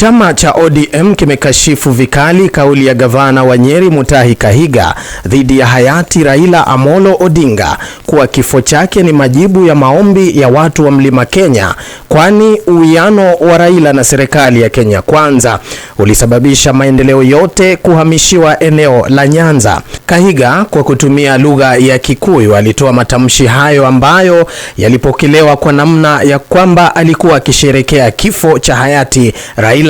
Chama cha ODM kimekashifu vikali kauli ya gavana wa Nyeri Mutahi Kahiga dhidi ya hayati Raila Amolo Odinga kuwa kifo chake ni majibu ya maombi ya watu wa Mlima Kenya, kwani uwiano wa Raila na serikali ya Kenya Kwanza ulisababisha maendeleo yote kuhamishiwa eneo la Nyanza. Kahiga kwa kutumia lugha ya Kikuyu alitoa matamshi hayo ambayo yalipokelewa kwa namna ya kwamba alikuwa akisherekea kifo cha hayati Raila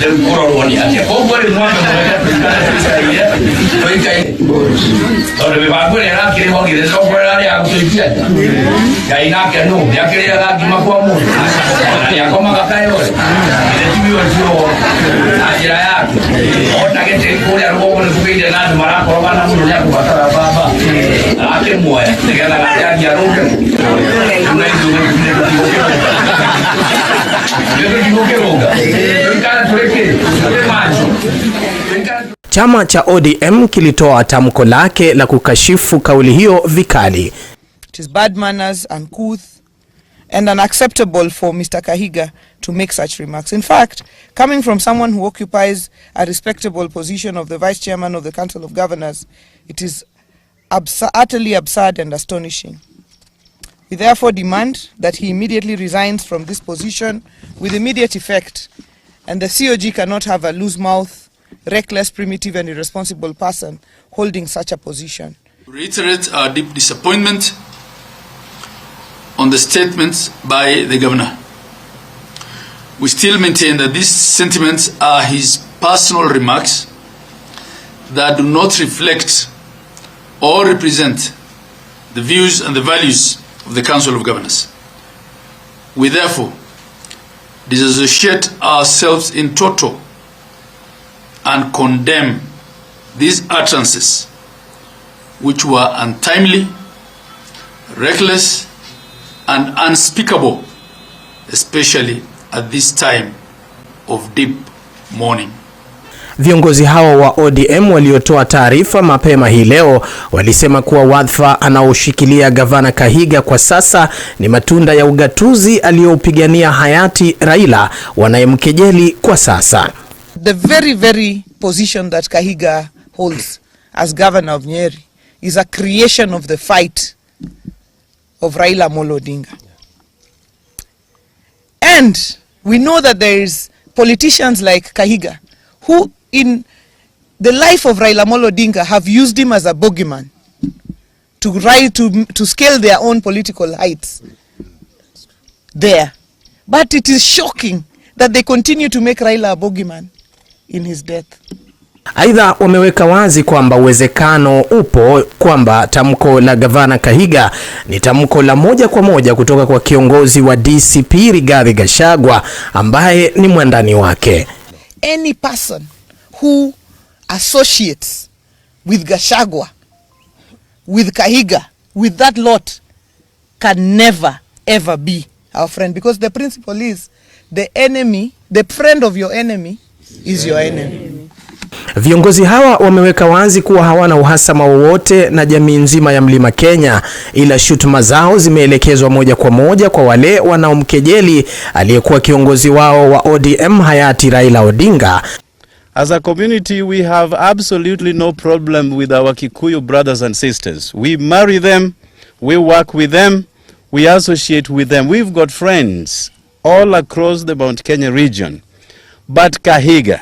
Kurolwani ati kogore mwaka mwaka tondu mibanguria nakiri hogire cokorera ria gutuikia ngai nake nu niakirire gakima kwa mundu na niakomaga kayore ile tiwiocio na njira yake ona gitiri kuria rugogo nikugeire na andu marakorogana muno niakubatara baba akimwoya nigetha gatiangia ruke na ithuä nä tå tigå kä rå nga Chama cha ODM kilitoa tamko lake la kukashifu kauli hiyo vikali. It is bad manners, uncouth and unacceptable for Mr. Kahiga to make such remarks. In fact, coming from someone who occupies a respectable position of the Vice Chairman of the Council of Governors, it is abs utterly absurd and astonishing. We therefore demand that he immediately resigns from this position with immediate effect and the COG cannot have a loose mouth reckless, primitive, and irresponsible person holding such a position. Reiterate our deep disappointment on the statements by the governor. We still maintain that these sentiments are his personal remarks that do not reflect or represent the views and the values of the Council of Governors. We therefore disassociate ourselves in total and condemn these utterances which were untimely, reckless, and unspeakable, especially at this time of deep mourning. Viongozi hao wa ODM waliotoa taarifa mapema hii leo walisema kuwa wadhifa anaoshikilia Gavana Kahiga kwa sasa ni matunda ya ugatuzi aliyoupigania hayati Raila wanayemkejeli kwa sasa the very, very position that Kahiga holds as governor of Nyeri is a creation of the fight of Raila Molo Odinga. And we know that there is politicians like Kahiga who in the life of Raila Molo Odinga have used him as a bogeyman to rise to, to scale their own political heights there. But it is shocking that they continue to make Raila a bogeyman in his death. Aidha, wameweka wazi kwamba uwezekano upo kwamba tamko la gavana Kahiga ni tamko la moja kwa moja kutoka kwa kiongozi wa DCP Rigathi Gachagua ambaye ni mwandani wake. Any person who associates with Gachagua, with Kahiga, with that lot can never ever be our friend because the principle is the enemy, the friend of your enemy is your enemy. Viongozi hawa wameweka wazi kuwa hawana uhasama wowote na jamii nzima ya Mlima Kenya, ila shutuma zao zimeelekezwa moja kwa moja kwa wale wanaomkejeli aliyekuwa kiongozi wao wa ODM hayati Raila Odinga. As a community we have absolutely no problem with our Kikuyu brothers and sisters. We marry them, we work with them, we associate with them. We've got friends all across the Mount Kenya region but Kahiga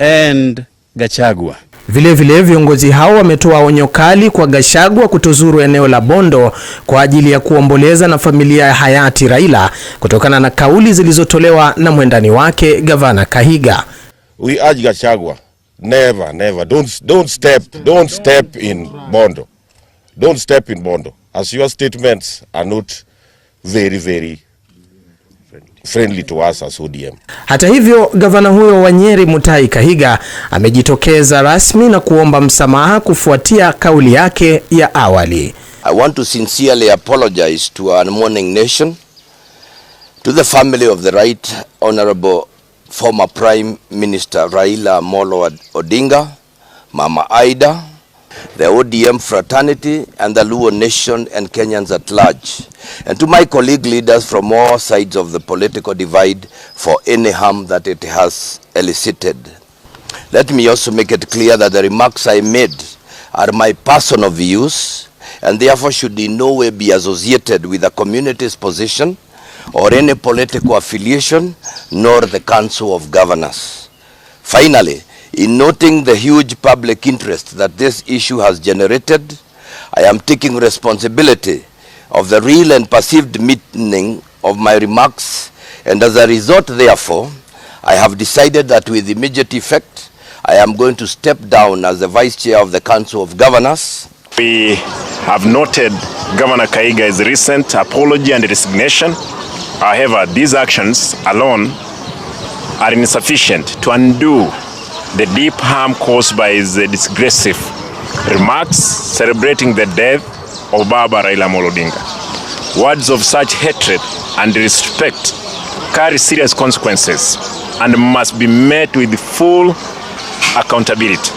and Gachagua. Vilevile viongozi hao wametoa onyo kali kwa Gachagua kutozuru eneo la Bondo kwa ajili ya kuomboleza na familia ya hayati Raila kutokana na kauli zilizotolewa na mwendani wake Gavana Kahiga. We urge Gachagua, never, never. Don't, don't step, don't step in Bondo. Don't step in Bondo. As your statements are not very, very friendly to us as ODM. Hata hivyo, gavana huyo wa Nyeri Mutahi Kahiga amejitokeza rasmi na kuomba msamaha kufuatia kauli yake ya awali. I want to sincerely apologize to our mourning nation, to the family of the right honorable former prime minister Raila Molo Odinga, Mama Aida the ODM fraternity and the Luo nation and Kenyans at large, and to my colleague leaders from all sides of the political divide for any harm that it has elicited. Let me also make it clear that the remarks I made are my personal views and therefore should in no way be associated with the community's position or any political affiliation nor the Council of Governors. Finally, In noting the huge public interest that this issue has generated, I am taking responsibility of the real and perceived meaning of my remarks and as a result therefore, I have decided that with immediate effect, I am going to step down as the Vice Chair of the Council of Governors. We have noted Governor Kaiga's recent apology and resignation. However, these actions alone are insufficient to undo the deep harm caused by his uh, disgressive remarks celebrating the death of Baba Raila Amolo Odinga. Words of such hatred and respect carry serious consequences and must be met with full accountability.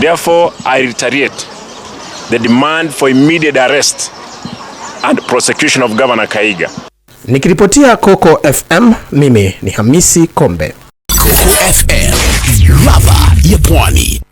Therefore, I reiterate the demand for immediate arrest and prosecution of Governor Kaiga. Nikiripotia Coco FM, mimi ni Hamisi Kombe. Coco FM. ladha ya pwani.